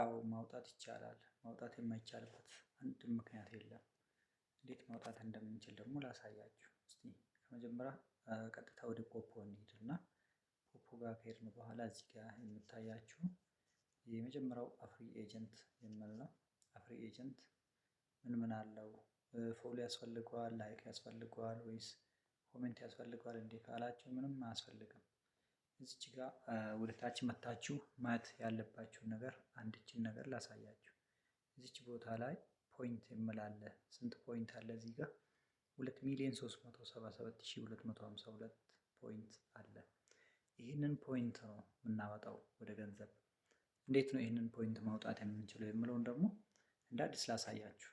አዎ ማውጣት ይቻላል። ማውጣት የማይቻልበት አንድ ምክንያት የለም። እንዴት ማውጣት እንደምንችል ደግሞ ላሳያችሁ። እስቲ ከመጀመሪያ ቀጥታ ወደ ፖፖ እንሂድና ፖፖ ጋር ከሄድን በኋላ እዚህ ጋር የምታያችሁ የመጀመሪያው አፍሪ ኤጀንት ነው። አፍሪ ኤጀንት ምን ምን አለው? ፎሎ ያስፈልገዋል? ላይክ ያስፈልገዋል? ወይስ ኮሜንት ያስፈልገዋል? እንዴ ካላችሁ ምንም አያስፈልግም። እዚች ጋ ወደ ታች መታችሁ ማየት ያለባችሁ ነገር አንድችን ነገር ላሳያችሁ። እዚች ቦታ ላይ ፖይንት የምላለ ስንት ፖይንት አለ? እዚህ ጋ ሁለት ሚሊዮን 377252 ፖይንት አለ። ይህንን ፖይንት ነው የምናወጣው ወደ ገንዘብ። እንዴት ነው ይህንን ፖይንት ማውጣት የምንችለው የምለውን ደግሞ እንደ አዲስ ላሳያችሁ።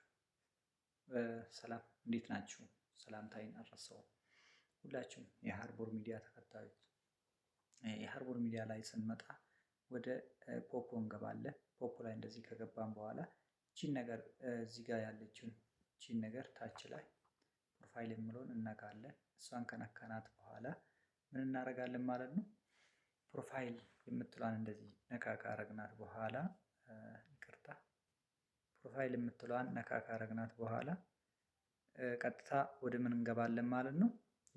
ሰላም፣ እንዴት ናችሁ? ሰላምታይን አረሰው ሁላችሁም የሀርቦር ሚዲያ ተከታዮች የሃርቦር ሚዲያ ላይ ስንመጣ ወደ ፖፖ እንገባለን። ፖፖ ላይ እንደዚህ ከገባን በኋላ ቺን ነገር እዚህ ጋር ያለችውን ቺን ነገር ታች ላይ ፕሮፋይል የምለውን እናቃለን። እሷን ከነካናት በኋላ ምን እናደርጋለን ማለት ነው። ፕሮፋይል የምትሏን እንደዚህ ነካ ካረግናት በኋላ ይቅርታ፣ ፕሮፋይል የምትሏን ነካ ካረግናት በኋላ ቀጥታ ወደ ምን እንገባለን ማለት ነው።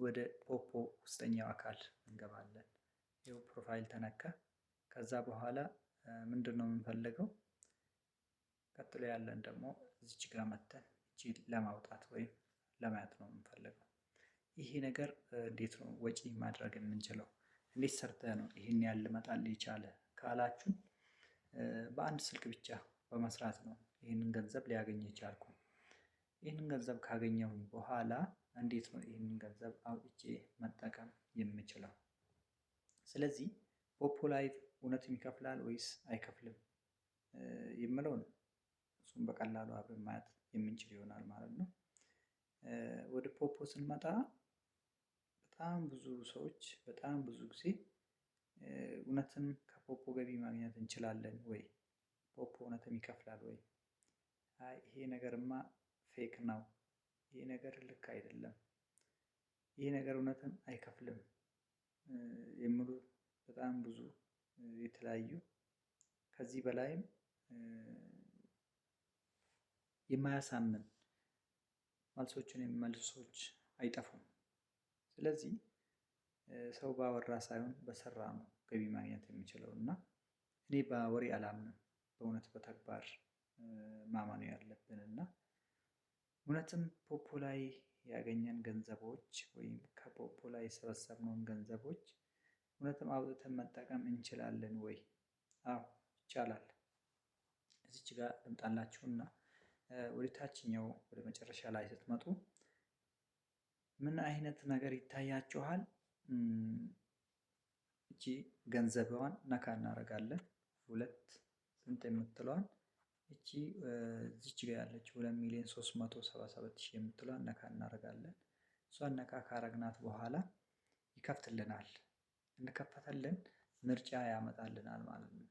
ወደ ፖፖ ውስጠኛው አካል እንገባለን። ይኸው ፕሮፋይል ተነካ። ከዛ በኋላ ምንድን ነው የምንፈልገው? ቀጥሎ ያለን ደግሞ እዚች ጋር መተን እቺ ለማውጣት ወይም ለማየት ነው የምንፈልገው። ይሄ ነገር እንዴት ነው ወጪ ማድረግ የምንችለው? እንዴት ሰርተ ነው ይህን ያህል ልመጣል የቻለ ካላችሁን፣ በአንድ ስልክ ብቻ በመስራት ነው ይህንን ገንዘብ ሊያገኝ የቻልኩ። ይህንን ገንዘብ ካገኘሁኝ በኋላ እንዴት ነው ይህንን ገንዘብ አውጥቼ መጠቀም የምችለው? ስለዚህ ፖፖ ላይ እውነትም ይከፍላል ወይስ አይከፍልም የምለውን እሱም በቀላሉ አብረን ማየት የምንችል ይሆናል ማለት ነው። ወደ ፖፖ ስንመጣ በጣም ብዙ ሰዎች በጣም ብዙ ጊዜ እውነትም ከፖፖ ገቢ ማግኘት እንችላለን ወይ? ፖፖ እውነትም ይከፍላል ወይ? ይሄ ነገርማ ፌክ ነው፣ ይሄ ነገር ልክ አይደለም፣ ይሄ ነገር እውነትም አይከፍልም የሚሉ በጣም ብዙ የተለያዩ ከዚህ በላይም የማያሳምን መልሶችን የሚመልሱ ሰዎች አይጠፉም። ስለዚህ ሰው ባወራ ሳይሆን በሰራ ነው ገቢ ማግኘት የሚችለው እና እኔ በወሬ አላምንም። በእውነት በተግባር ማመኑ ያለብን እና እውነትም ፖፖ ላይ ያገኘን ገንዘቦች ወይም ከፖፖ ላይ የሰበሰብነውን ገንዘቦች እውነትም አውጥተን መጠቀም እንችላለን ወይ? አዎ ይቻላል። እዚች ጋር ልምጣላችሁና ወደ ታችኛው ወደ መጨረሻ ላይ ስትመጡ ምን አይነት ነገር ይታያችኋል? እቺ ገንዘብዋን ነካ እናደርጋለን። ሁለት ስንት የምትለዋን እቺ እዚች ጋ ያለችው ሁለት ሚሊዮን ሶስት መቶ ሺህ እናደርጋለን። እሷ አነካ ካረግናት በኋላ ይከፍትልናል። እንከፈተልን ምርጫ ያመጣልናል ማለት ነው።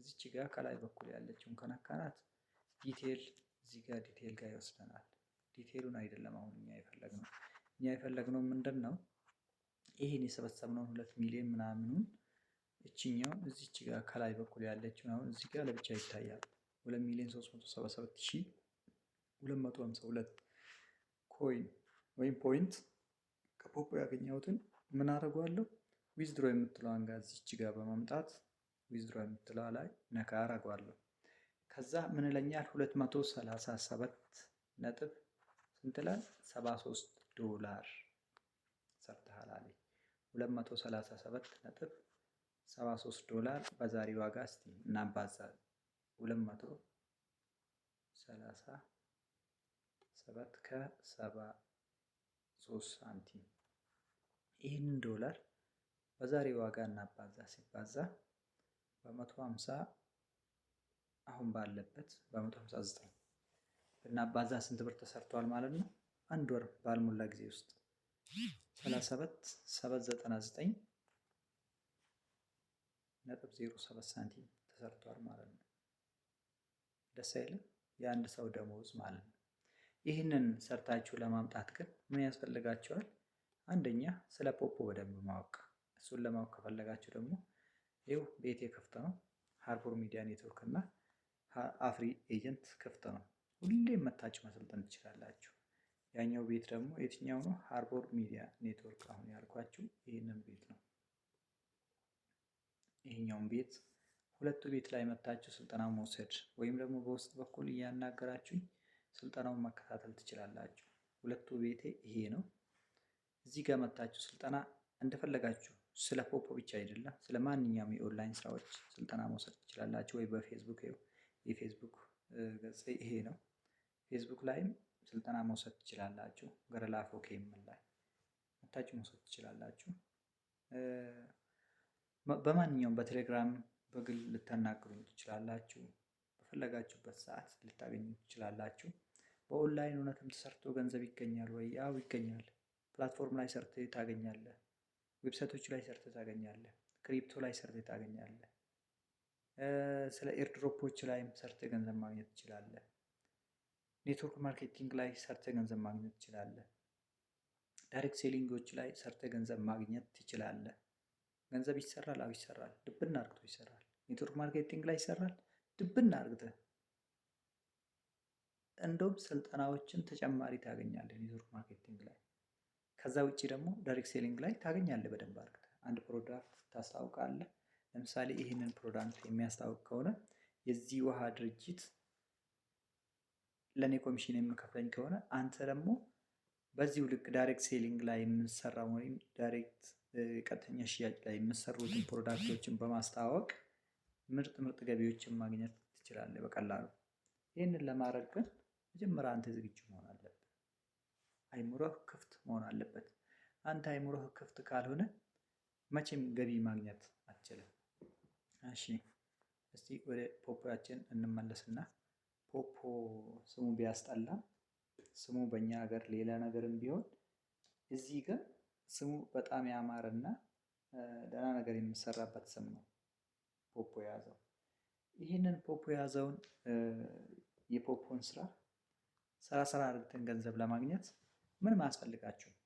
እዚች ጋር ከላይ በኩል ያለችውን ከነካናት ዲቴል እዚህ ጋር ዲቴል ጋር ይወስደናል። ዲቴሉን አይደለም አሁን እኛ የፈለግነው እኛ የፈለግነው ምንድን ነው? ይህን የሰበሰብነውን ሁለት ሚሊዮን ምናምኑን እችኛው እዚች ጋር ከላይ በኩል ያለችውን አሁን እዚህ ጋር ለብቻ ይታያል። ሁለት ሚሊዮን ሶስት መቶ ሰባ ሰባት ሺህ ኮይን ወይም ፖይንት ከፖፖ ያገኘሁትን ምን አደርገዋለሁ ዊዝድሮ የምትለዋን ጋር እዚች ጋር በማምጣት ዊዝድሮ የምትለዋ ላይ ነካ አደርገዋለሁ። ከዛ ምን ይለኛል ሁለት መቶ ሰላሳ ሰባት ነጥብ ስንት ይላል? ሰባ ዶላር ሰርተሃል አለኝ። 237 ነጥብ 73 ዶላር በዛሬ ዋጋ እስቲ እናባዛለን። ሁለት መቶ ሰላሳ ሰባት ከሰባ ሶስት ሳንቲም። ይህንን ዶላር በዛሬ ዋጋ እናባዛ ሲባዛ በመቶ ሀምሳ አሁን ባለበት በመቶ ሀምሳ ዘጠኝ ብናባዛ ስንት ብር ተሰርቷል ማለት ነው? አንድ ወር ባልሞላ ጊዜ ውስጥ ሰላሳ ሰባት ሰባት ዘጠና ዘጠኝ ነጥብ ዜሮ ሰባት ሳንቲም ተሰርቷል ማለት ነው። ደስ አይልም? የአንድ ሰው ደሞዝ ማለት ነው። ይህንን ሰርታችሁ ለማምጣት ግን ምን ያስፈልጋችኋል? አንደኛ ስለ ፖፖ በደንብ ማወቅ። እሱን ለማወቅ ከፈለጋችሁ ደግሞ ይው ቤቴ ክፍት ነው። ሃርቦር ሚዲያ ኔትወርክ እና አፍሪ ኤጀንት ክፍት ነው። ሁሌም መታችሁ መሰልጠን ትችላላችሁ። ያኛው ቤት ደግሞ የትኛው ነው? ሃርቦር ሚዲያ ኔትወርክ አሁን ያልኳችሁ ይህንን ቤት ነው። ይህኛውን ቤት ሁለቱ ቤት ላይ መታችሁ ስልጠና መውሰድ ወይም ደግሞ በውስጥ በኩል እያናገራችሁኝ ስልጠናውን መከታተል ትችላላችሁ። ሁለቱ ቤቴ ይሄ ነው። እዚህ ጋር መታችሁ ስልጠና እንደፈለጋችሁ ስለ ፖፖ ብቻ አይደለም፣ ስለ ማንኛውም የኦንላይን ስራዎች ስልጠና መውሰድ ትችላላችሁ። ወይ በፌስቡክ የፌስቡክ ገጽ ይሄ ነው። ፌስቡክ ላይም ስልጠና መውሰድ ትችላላችሁ። ገረላፎ ኬምን ላይ መታችሁ መውሰድ ትችላላችሁ። በማንኛውም በቴሌግራም በግል ልታናግሩኝ ትችላላችሁ። በፈለጋችሁበት ሰዓት ልታገኙ ትችላላችሁ። በኦንላይን እውነትም ተሰርቶ ገንዘብ ይገኛል ወይ? ያው ይገኛል። ፕላትፎርም ላይ ሰርተ ታገኛለህ። ዌብሳይቶች ላይ ሰርተ ታገኛለ ክሪፕቶ ላይ ሰርተ ታገኛለ ስለ ኤርድሮፖች ላይም ሰርተ ገንዘብ ማግኘት ትችላለ፣ ኔትወርክ ማርኬቲንግ ላይ ሰርተ ገንዘብ ማግኘት ትችላለ፣ ዳይሬክት ሴሊንጎች ላይ ሰርተ ገንዘብ ማግኘት ትችላለ ገንዘብ ይሰራል። አው ይሰራል። ልብና አርግቶ ይሰራል። ኔትወርክ ማርኬቲንግ ላይ ይሰራል። ድብና አርግተ እንደውም ስልጠናዎችን ተጨማሪ ታገኛለህ ኔትወርክ ማርኬቲንግ ላይ። ከዛ ውጭ ደግሞ ዳይሬክት ሴሊንግ ላይ ታገኛለህ በደንብ አርግተ አንድ ፕሮዳክት ታስታውቃለህ። ለምሳሌ ይህንን ፕሮዳክት የሚያስታውቅ ከሆነ የዚህ ውሃ ድርጅት ለእኔ ኮሚሽን የምከፍለኝ ከሆነ አንተ ደግሞ በዚሁ ልክ ዳይሬክት ሴሊንግ ላይ የምንሰራው ወይም ዳይሬክት ቀጥተኛ ሽያጭ ላይ የምሰሩትን ፕሮዳክቶችን በማስተዋወቅ ምርጥ ምርጥ ገቢዎችን ማግኘት ትችላለህ በቀላሉ። ይህንን ለማድረግ ግን መጀመሪያ አንተ ዝግጁ መሆን አለብህ። አይምሮህ ክፍት መሆን አለበት። አንተ አይምሮህ ክፍት ካልሆነ መቼም ገቢ ማግኘት አትችልም። እሺ እስቲ ወደ ፖፖያችን እንመለስና ፖፖ ስሙ ቢያስጠላም ስሙ በእኛ ሀገር ሌላ ነገርም ቢሆን እዚህ ግን ስሙ በጣም ያማረና ደህና ነገር የሚሰራበት ስም ነው። ፖፖ የያዘው። ይህንን ፖፖ የያዘውን የፖፖን ስራ ሰራ ሰራ አድርግተን ገንዘብ ለማግኘት ምንም አያስፈልጋችሁም።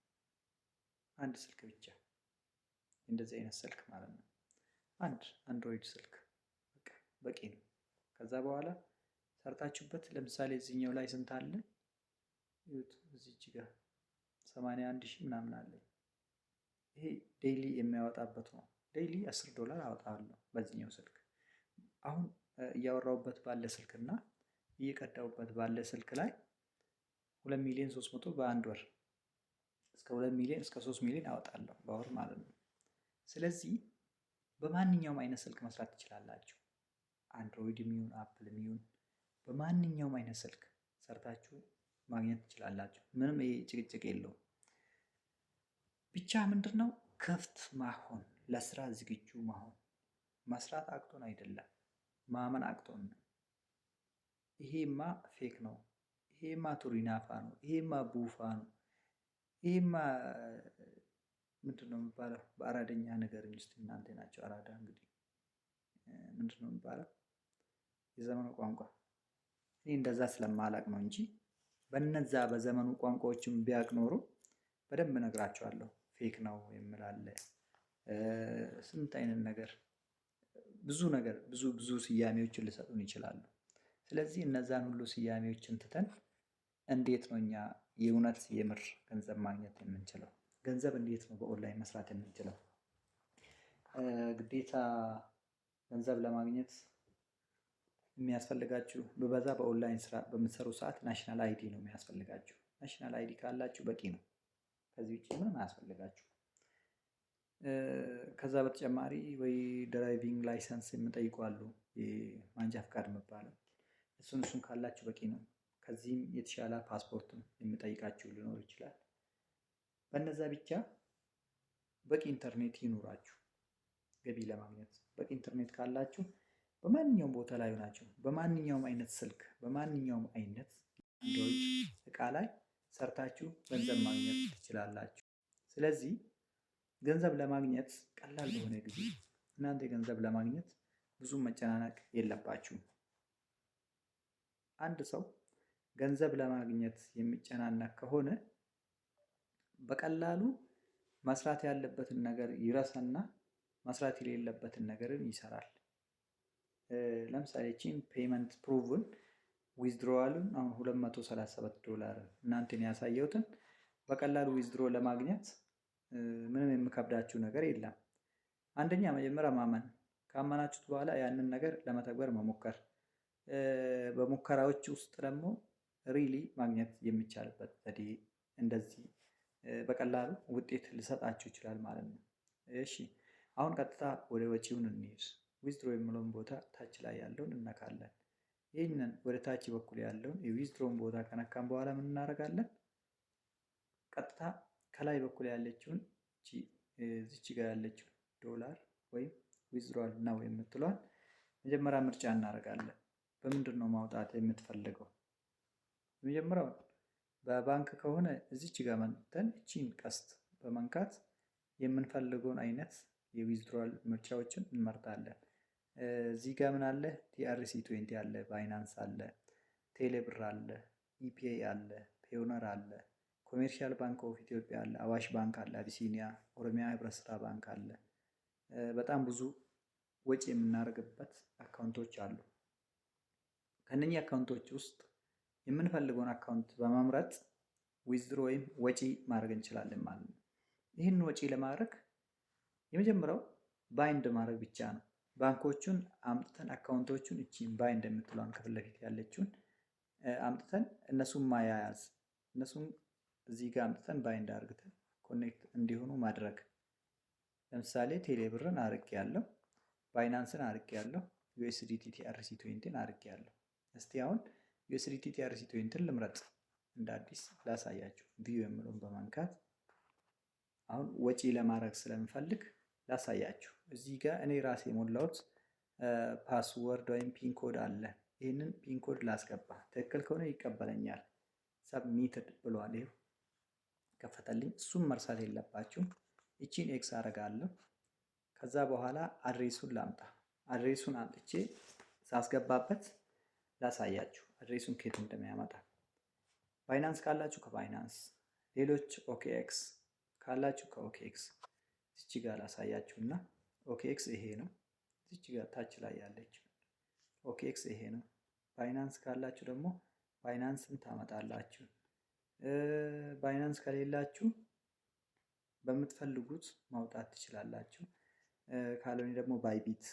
አንድ ስልክ ብቻ እንደዚህ አይነት ስልክ ማለት ነው። አንድ አንድሮይድ ስልክ በቂ ነው። ከዛ በኋላ ሰርታችሁበት ለምሳሌ እዚህኛው ላይ ስንት አለ? እዚች ጋር ሰማንያ አንድ ሺህ ምናምን አለ። ይሄ ዴይሊ የሚያወጣበት ነው። ዴይሊ 10 ዶላር አወጣለሁ በዚህኛው ስልክ። አሁን እያወራውበት ባለ ስልክ እና እየቀዳሁበት ባለ ስልክ ላይ 2 ሚሊዮን 300 በአንድ ወር እስከ 2 ሚሊዮን እስከ 3 ሚሊዮን አወጣለሁ በወር ማለት ነው። ስለዚህ በማንኛውም አይነት ስልክ መስራት ትችላላችሁ። አንድሮይድ የሚሆን አፕል የሚሆን በማንኛውም አይነት ስልክ ሰርታችሁ ማግኘት ትችላላችሁ። ምንም ይሄ ጭቅጭቅ የለውም። ብቻ ምንድን ነው ክፍት ማሆን ለስራ ዝግጁ መሆን መስራት አቅቶን አይደለም፣ ማመን አቅቶን ነው። ይሄማ ፌክ ነው፣ ይሄማ ቱሪናፋ ነው፣ ይሄማ ቡፋ ነው፣ ይሄማ ምንድን ነው የሚባለው? በአራደኛ ነገር ሚስት እናንተ ናቸው። አራዳ እንግዲህ ምንድን ነው የሚባለው የዘመኑ ቋንቋ። እኔ እንደዛ ስለማላቅ ነው እንጂ በነዛ በዘመኑ ቋንቋዎችን ቢያቅ ኖሩ በደንብ ነግራቸዋለሁ። ፌክ ነው የምላለ ስንት አይነት ነገር ብዙ ነገር ብዙ ብዙ ስያሜዎችን ሊሰጡን ይችላሉ። ስለዚህ እነዛን ሁሉ ስያሜዎችን ትተን እንዴት ነው እኛ የእውነት የምር ገንዘብ ማግኘት የምንችለው? ገንዘብ እንዴት ነው በኦንላይን መስራት የምንችለው? ግዴታ ገንዘብ ለማግኘት የሚያስፈልጋችሁ በበዛ በኦንላይን ስራ በምትሰሩ ሰዓት ናሽናል አይዲ ነው የሚያስፈልጋችሁ። ናሽናል አይዲ ካላችሁ በቂ ነው። ከዚህ ውጭ ምንም አያስፈልጋችሁ። ከዛ በተጨማሪ ወይ ድራይቪንግ ላይሰንስ የሚጠይቁ አሉ ማንጃ ፍቃድ የሚባለው እሱን እሱን ካላችሁ በቂ ነው። ከዚህም የተሻለ ፓስፖርትም የሚጠይቃችሁ ሊኖር ይችላል። በነዛ ብቻ በቂ ኢንተርኔት ይኑራችሁ ገቢ ለማግኘት በቂ ኢንተርኔት ካላችሁ በማንኛውም ቦታ ላይ ሆናችሁ በማንኛውም አይነት ስልክ በማንኛውም አይነት እቃ ላይ ሰርታችሁ ገንዘብ ማግኘት ትችላላችሁ። ስለዚህ ገንዘብ ለማግኘት ቀላል በሆነ ጊዜ እናንተ ገንዘብ ለማግኘት ብዙ መጨናነቅ የለባችሁም። አንድ ሰው ገንዘብ ለማግኘት የሚጨናነቅ ከሆነ በቀላሉ መስራት ያለበትን ነገር ይረሳና መስራት የሌለበትን ነገርን ይሰራል። ለምሳሌ ቺን ፔመንት ፕሩቭን ዊዝድሮዋልን አሁን 237 ዶላር እናንተን ያሳየሁትን በቀላሉ ዊዝድሮ ለማግኘት ምንም የምከብዳችሁ ነገር የለም። አንደኛ መጀመሪያ ማመን፣ ካመናችሁት በኋላ ያንን ነገር ለመተግበር መሞከር፣ በሙከራዎች ውስጥ ደግሞ ሪሊ ማግኘት የሚቻልበት ዘዴ እንደዚህ በቀላሉ ውጤት ልሰጣችሁ ይችላል ማለት ነው። እሺ አሁን ቀጥታ ወደ ወጪውን እንሂድ። ዊዝድሮ የምለውን ቦታ ታች ላይ ያለውን እነካለን። ይህንን ወደ ታች በኩል ያለውን የዊዝድሮን ቦታ ከነካን በኋላ ምን እናደርጋለን? ቀጥታ ከላይ በኩል ያለችውን እዚች ጋር ያለችው ዶላር ወይም ዊዝድሮዋል ነው የምትሏል መጀመሪያ ምርጫ እናደርጋለን። በምንድን ነው ማውጣት የምትፈልገው? የመጀመሪያው በባንክ ከሆነ እዚች ጋር መጥተን እቺን ቀስት በመንካት የምንፈልገውን አይነት የዊዝድሮዋል ምርጫዎችን እንመርጣለን። እዚህ ጋር ምን አለ? ቲአርሲ ትዌንቲ አለ፣ ባይናንስ አለ፣ ቴሌብር አለ፣ ኢፒአይ አለ፣ ፔዮነር አለ ኮሜርሻል ባንክ ኦፍ ኢትዮጵያ አለ፣ አዋሽ ባንክ አለ፣ አቢሲኒያ፣ ኦሮሚያ ህብረት ስራ ባንክ አለ። በጣም ብዙ ወጪ የምናደርግበት አካውንቶች አሉ። ከነኚህ አካውንቶች ውስጥ የምንፈልገውን አካውንት በመምረጥ ዊዝድሮ ወይም ወጪ ማድረግ እንችላለን ማለት ነው። ይህን ወጪ ለማድረግ የመጀመሪያው ባይንድ ማድረግ ብቻ ነው። ባንኮቹን አምጥተን አካውንቶቹን እቺን ባይንድ የምትለውን ከፊት ለፊት ያለችውን አምጥተን እነሱን ማያያዝ እነሱን እዚህ ጋር አምጥተን ባይንድ አርግተን ኮኔክት እንዲሆኑ ማድረግ። ለምሳሌ ቴሌብርን አርቅ ያለው ባይናንስን አርቅ ያለው ዩኤስዲቲ ቲአርሲ ትዌንቲን አርቅ ያለው። እስቲ አሁን ዩኤስዲቲ ቲአርሲ ትዌንቲን ልምረጥ እንደ አዲስ ላሳያችሁ። ቪዩ የምለውን በመንካት አሁን ወጪ ለማድረግ ስለምፈልግ ላሳያችሁ። እዚህ ጋር እኔ ራሴ የሞላሁት ፓስወርድ ወይም ፒንኮድ አለ። ይህንን ፒንኮድ ላስገባ። ትክክል ከሆነ ይቀበለኛል። ሰብሚትድ ብሏል ይኸው ከፈተልኝ። እሱም መርሳት የለባችሁም። እቺን ኤክስ አረጋለሁ። ከዛ በኋላ አድሬሱን ላምጣ። አድሬሱን አምጥቼ ሳስገባበት ላሳያችሁ አድሬሱን ኬት እንደሚያመጣ። ባይናንስ ካላችሁ ከባይናንስ፣ ሌሎች ኦኬኤክስ ካላችሁ ከኦኬኤክስ እቺ ጋር ላሳያችሁ እና ኦኬኤክስ ይሄ ነው። እቺ ጋር ታች ላይ ያለችው ኦኬኤክስ ይሄ ነው። ባይናንስ ካላችሁ ደግሞ ባይናንስን ታመጣላችሁ። ባይናንስ ከሌላችሁ በምትፈልጉት ማውጣት ትችላላችሁ። ካልሆነ ደግሞ ባይቢት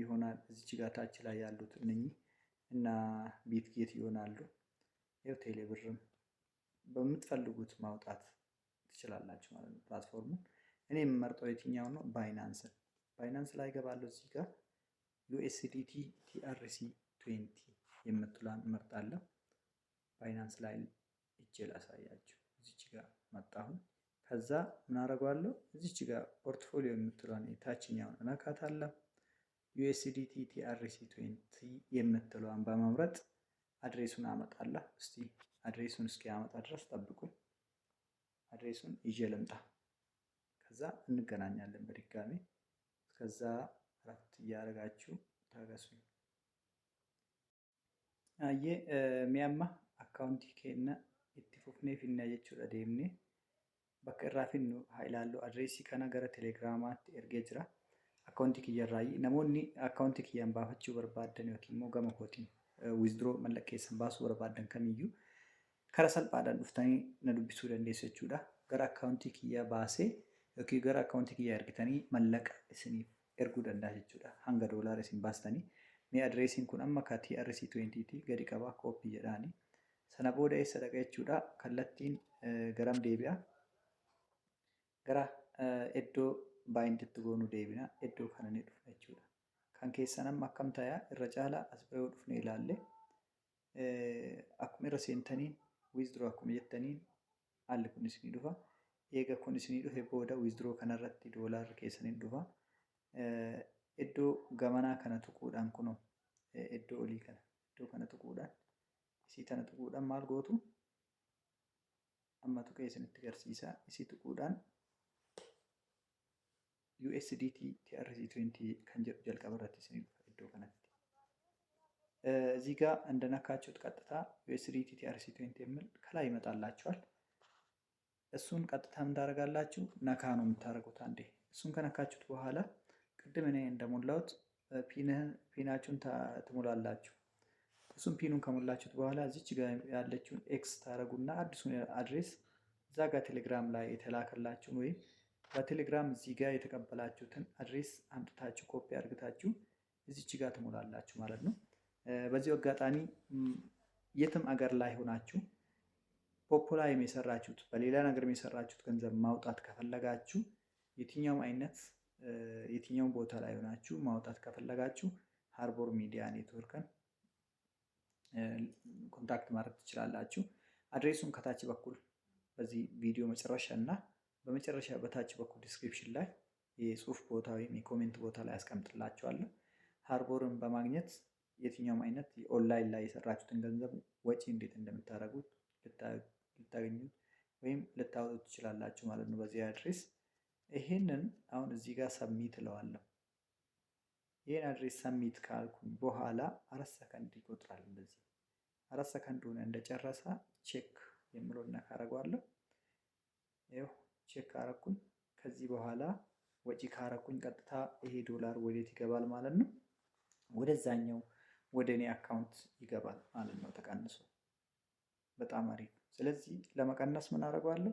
ይሆናል። እዚች ጋር ታች ላይ ያሉት እነኚህ እና ቢትጌት ይሆናሉ። ይኸው ቴሌብርም በምትፈልጉት ማውጣት ትችላላችሁ ማለት ነው። ፕላትፎርሙ እኔ የምመርጠው የትኛው ነው? ባይናንስን። ባይናንስ ላይ ገባለሁ። እዚህ ጋር ዩኤስዲቲ ቲአርሲ 20 የምትሏን እመርጣለሁ። ባይናንስ ላይ እጄ ላሳያችሁ። እዚች ጋር መጣሁን። ከዛ ምን አደርገዋለሁ? እዚች ጋር ፖርትፎሊዮ የምትሏን የታችኛውን እነካታለሁ። ዩኤስዲቲ ቲአርሲ ትዌንቲ የምትለዋን በመምረጥ አድሬሱን አመጣለሁ። እስቲ አድሬሱን እስኪ አመጣ ድረስ ጠብቁኝ። አድሬሱን ይዤ ልምጣ። ከዛ እንገናኛለን በድጋሚ እስከዛ እረፍት እያደረጋችሁ ታገሱኝ። አየ ሚያማ አካውንት ኬነ itti fufnee finna jechuudha deemnee. Bakka irraa finnu haa ilaallu. Adreesii kana gara telegiraamaatti ergee jira. Akkaawuntii kiyyarraayi namoonni akkaawuntii kiyyaan baafachuu barbaadan yookiin immoo gama kootiin eh, baasuu barbaadan kamiyyuu kara salphaadhaan dhuftanii na dubbisuu dandeessu jechuudha. Gara akkaawuntii kiyyaa baasee yookiin gara akkaawuntii kiyyaa ergitanii mallaqa isiniif erguu danda'a jechuudha. Hanga doolaara isin baastanii. Mee adreesiin kun amma katii RC20 gadi qaba kooppii jedhaani. Sana booda eessa dhaqa jechuudha. Kallattiin eh, garam deebi'a? Gara iddoo eh, baay'intitti goonu deebina. Iddoo kana ni dhufna jechuudha. Kan keessan amma akkam ta'a? Irra caalaa as bira yoo dhufne ilaalle eh, akkuma irra seentaniin wiizduroo akkuma jettaniin haalli kun ni dhufa. Eega kunis ni dhufe booda wiizduroo kanarratti doolaarri keessan ni dhufa. Iddoo gamanaa kana tuquudhaan kunoo iddoo kana tuquudhaan isii tana tuquudhaan maal gootu amma tuqee isinitti garsiisa. Isii tuquudhaan USDT TRC20 kan jedhu jalqaba irratti isin dhufa iddoo kanatti. እዚህ ጋር እንደነካችሁት ቀጥታ ዩኤስዲቲ ቲአርሲ ትዌንቲ የሚል ከላይ ይመጣላችኋል። እሱን ቀጥታ እንዳደርጋላችሁ ነካ ነው የምታደርጉት አንዴ። እሱን ከነካችሁት በኋላ ቅድም እኔ እንደሞላሁት ፒናችሁን ትሞላላችሁ። እሱም ፒኑን ከሞላችሁት በኋላ እዚች ጋር ያለችውን ኤክስ ታደረጉና አዲሱን አድሬስ እዛ ጋር ቴሌግራም ላይ የተላከላችሁን ወይም በቴሌግራም እዚህ ጋር የተቀበላችሁትን አድሬስ አምጥታችሁ ኮፒ አድርግታችሁ እዚች ጋር ትሞላላችሁ ማለት ነው። በዚሁ አጋጣሚ የትም አገር ላይ ሆናችሁ ፖፑላይም የሰራችሁት በሌላ ነገር የሰራችሁት ገንዘብ ማውጣት ከፈለጋችሁ የትኛውም አይነት የትኛውም ቦታ ላይ ሆናችሁ ማውጣት ከፈለጋችሁ ሃርቦር ሚዲያ ኔትወርክን ኮንታክት ማድረግ ትችላላችሁ። አድሬሱን ከታች በኩል በዚህ ቪዲዮ መጨረሻ እና በመጨረሻ በታች በኩል ዲስክሪፕሽን ላይ የጽሁፍ ቦታ ወይም የኮሜንት ቦታ ላይ አስቀምጥላችኋለሁ። ሃርቦርን በማግኘት የትኛውም አይነት የኦንላይን ላይ የሰራችሁትን ገንዘብ ወጪ እንዴት እንደምታደርጉት ልታገኙት ወይም ልታወጡት ትችላላችሁ ማለት ነው በዚህ አድሬስ። ይህንን አሁን እዚህ ጋር ሰብሚት እለዋለሁ። ይህን አድሬስ ሰሚት ካልኩኝ በኋላ አራት ሰከንድ ይቆጥራል። እንደዚህ አራት ሰከንድ ሆነ እንደጨረሰ ቼክ የምለው እና ካረጓለሁ። ይኸው ቼክ አረኩኝ። ከዚህ በኋላ ወጪ ካረኩኝ ቀጥታ ይሄ ዶላር ወዴት ይገባል ማለት ነው? ወደዛኛው ወደ እኔ አካውንት ይገባል ማለት ነው ተቀንሶ። በጣም አሪፍ። ስለዚህ ለመቀነስ ምን አረጓለሁ?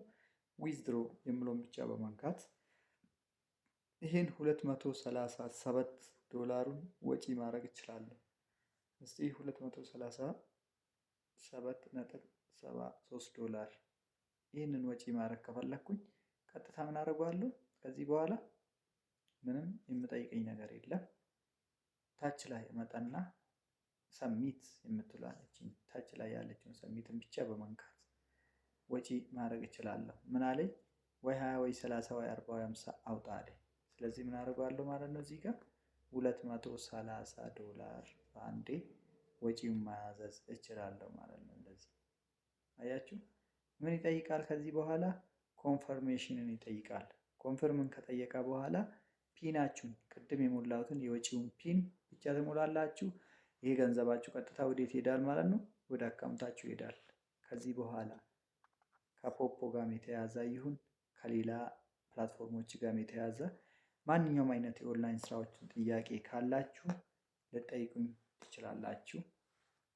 ዊዝድሮ የምለውን ብቻ በመንካት ይህን ሁለት መቶ ሰላሳ ሰባት ዶላሩን ወጪ ማድረግ እችላለሁ። እስቲ ሁለት መቶ ነጥብ ሰባ ሶስት ዶላር ይህንን ወጪ ማድረግ ከፈለግኩኝ ቀጥታ ምን አደርገዋለሁ? ከዚህ በኋላ ምንም የምጠይቀኝ ነገር የለም። ታች ላይ መጠና ሰሚት የምትላለችን ታች ላይ ያለችውን ሰሚትን ብቻ በመንካት ወጪ ማድረግ እችላለሁ። ምን አለኝ ወይ ሀያ ወይ ሰላሳ ወይ አርባ ወይ አምሳ አውጣ አለኝ። ስለዚህ ምን አደርገዋለሁ ማለት ነው እዚህ ጋር 230 ዶላር በአንዴ ወጪውን ማያዘዝ እችላለሁ ማለት ነው። እንደዚህ አያችሁ፣ ምን ይጠይቃል? ከዚህ በኋላ ኮንፈርሜሽንን ይጠይቃል። ኮንፈርምን ከጠየቀ በኋላ ፒናችሁን ቅድም የሞላሁትን የወጪውን ፒን ብቻ ትሞላላችሁ። ይሄ ገንዘባችሁ ቀጥታ ወዴት ይሄዳል ማለት ነው? ወደ አካውንታችሁ ይሄዳል። ከዚህ በኋላ ከፖፖ ጋር የተያዘ ይሁን ከሌላ ፕላትፎርሞች ጋር የተያዘ ማንኛውም አይነት የኦንላይን ስራዎችን ጥያቄ ካላችሁ ልጠይቁኝ ትችላላችሁ።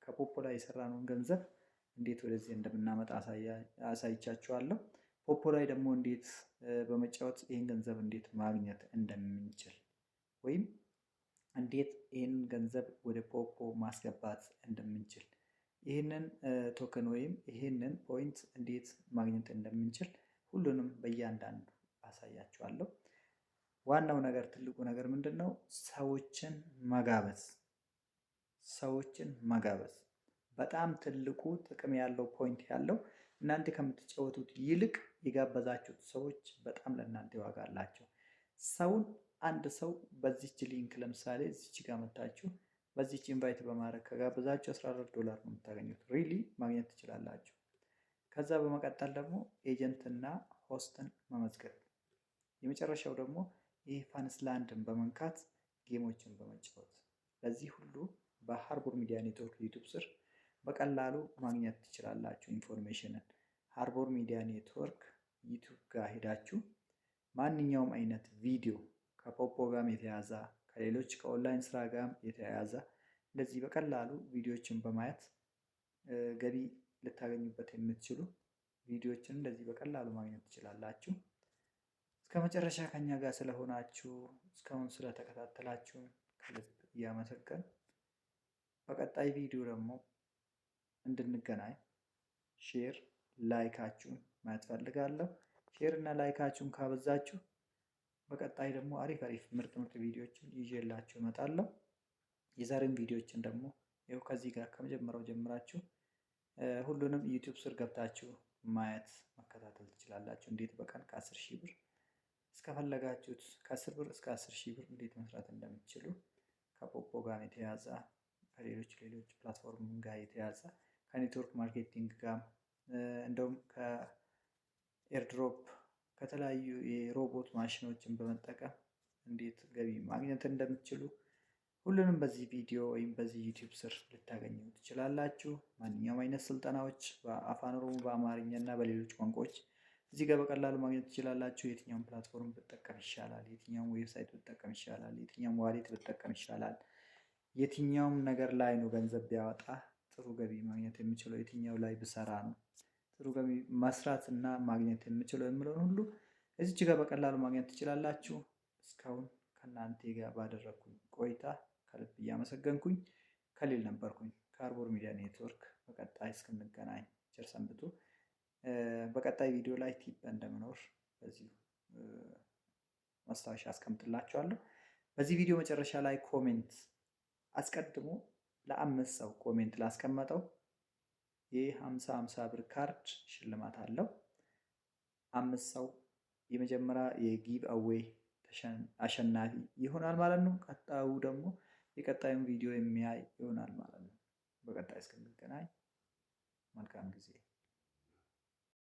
ከፖፖ ላይ የሰራነውን ገንዘብ እንዴት ወደዚህ እንደምናመጣ አሳይቻችኋለሁ። ፖፖ ላይ ደግሞ እንዴት በመጫወት ይህን ገንዘብ እንዴት ማግኘት እንደምንችል ወይም እንዴት ይህን ገንዘብ ወደ ፖፖ ማስገባት እንደምንችል ይህንን ቶክን ወይም ይህንን ፖይንት እንዴት ማግኘት እንደምንችል ሁሉንም በእያንዳንዱ አሳያችኋለሁ። ዋናው ነገር ትልቁ ነገር ምንድን ነው? ሰዎችን መጋበዝ ሰዎችን መጋበዝ በጣም ትልቁ ጥቅም ያለው ፖይንት ያለው እናንተ ከምትጫወቱት ይልቅ የጋበዛችሁት ሰዎች በጣም ለእናንተ ዋጋ አላቸው። ሰውን አንድ ሰው በዚች ሊንክ ለምሳሌ እዚች ጋር መታችሁ በዚች ኢንቫይት በማድረግ ከጋበዛችሁ 14 ዶላር ነው የምታገኙት። ሪሊ ማግኘት ትችላላችሁ። ከዛ በመቀጠል ደግሞ ኤጀንትና ሆስትን መመዝገብ የመጨረሻው ደግሞ የፋንስላንድን በመንካት ጌሞችን በመጫወት ለዚህ ሁሉ በሃርቦር ሚዲያ ኔትወርክ ዩቱብ ስር በቀላሉ ማግኘት ትችላላችሁ። ኢንፎርሜሽንን ሃርቦር ሚዲያ ኔትወርክ ዩቱብ ጋር ሄዳችሁ ማንኛውም አይነት ቪዲዮ ከፖፖ ጋም የተያዘ ከሌሎች ከኦንላይን ስራ ጋም የተያያዘ እንደዚህ በቀላሉ ቪዲዮዎችን በማየት ገቢ ልታገኙበት የምትችሉ ቪዲዮዎችን እንደዚህ በቀላሉ ማግኘት ትችላላችሁ። እስከ መጨረሻ ከኛ ጋር ስለሆናችሁ እስካሁን ስለተከታተላችሁ ከልብ እያመሰገን በቀጣይ ቪዲዮ ደግሞ እንድንገናኝ ሼር ላይካችሁን ማየት ፈልጋለሁ። ሼር እና ላይካችሁን ካበዛችሁ በቀጣይ ደግሞ አሪፍ አሪፍ ምርጥ ምርጥ ቪዲዮዎችን ይዤላችሁ እመጣለሁ። የዛሬን ቪዲዮዎችን ደግሞ ይኸው ከዚህ ጋር ከመጀመሪያው ጀምራችሁ ሁሉንም ዩቲዩብ ስር ገብታችሁ ማየት መከታተል ትችላላችሁ። እንዴት በቀን ከአስር ሺህ ብር እስከፈለጋችሁት ከአስር ብር እስከ አስር ሺህ ብር እንዴት መስራት እንደምትችሉ ከፖፖ ጋር የተያዘ ከሌሎች ሌሎች ፕላትፎርም ጋር የተያዘ ከኔትወርክ ማርኬቲንግ ጋር እንደውም ከኤርድሮፕ ከተለያዩ የሮቦት ማሽኖችን በመጠቀም እንዴት ገቢ ማግኘት እንደምትችሉ ሁሉንም በዚህ ቪዲዮ ወይም በዚህ ዩቲዩብ ስር ልታገኙ ትችላላችሁ። ማንኛውም አይነት ስልጠናዎች በአፋን ኦሮሞ፣ በአማርኛ እና በሌሎች ቋንቋዎች እዚህ ጋር በቀላሉ ማግኘት ትችላላችሁ። የትኛውን ፕላትፎርም ብጠቀም ይሻላል፣ የትኛውን ዌብሳይት ብጠቀም ይሻላል፣ የትኛውን ዋሌት ብጠቀም ይሻላል፣ የትኛውም ነገር ላይ ነው ገንዘብ ቢያወጣ ጥሩ ገቢ ማግኘት የምችለው፣ የትኛው ላይ ብሰራ ነው ጥሩ ገቢ መስራት እና ማግኘት የምችለው የምለውን ሁሉ እዚች ጋር በቀላሉ ማግኘት ትችላላችሁ። እስካሁን ከእናንተ ጋር ባደረግኩኝ ቆይታ ከልብ እያመሰገንኩኝ ከሌል ነበርኩኝ ከአርቦር ሚዲያ ኔትወርክ። በቀጣይ እስክንገናኝ ቸር ሰንብቱ። በቀጣይ ቪዲዮ ላይ ቲፕ እንደምኖር በዚሁ ማስታወሻ አስቀምጥላችኋለሁ። በዚህ ቪዲዮ መጨረሻ ላይ ኮሜንት አስቀድሞ ለአምስት ሰው ኮሜንት ላስቀመጠው የሀምሳ ሀምሳ ብር ካርድ ሽልማት አለው። አምስት ሰው የመጀመሪያ የጊቭ አዌይ አሸናፊ ይሆናል ማለት ነው። ቀጣዩ ደግሞ የቀጣዩን ቪዲዮ የሚያይ ይሆናል ማለት ነው። በቀጣይ እስከምንገናኝ መልካም ጊዜ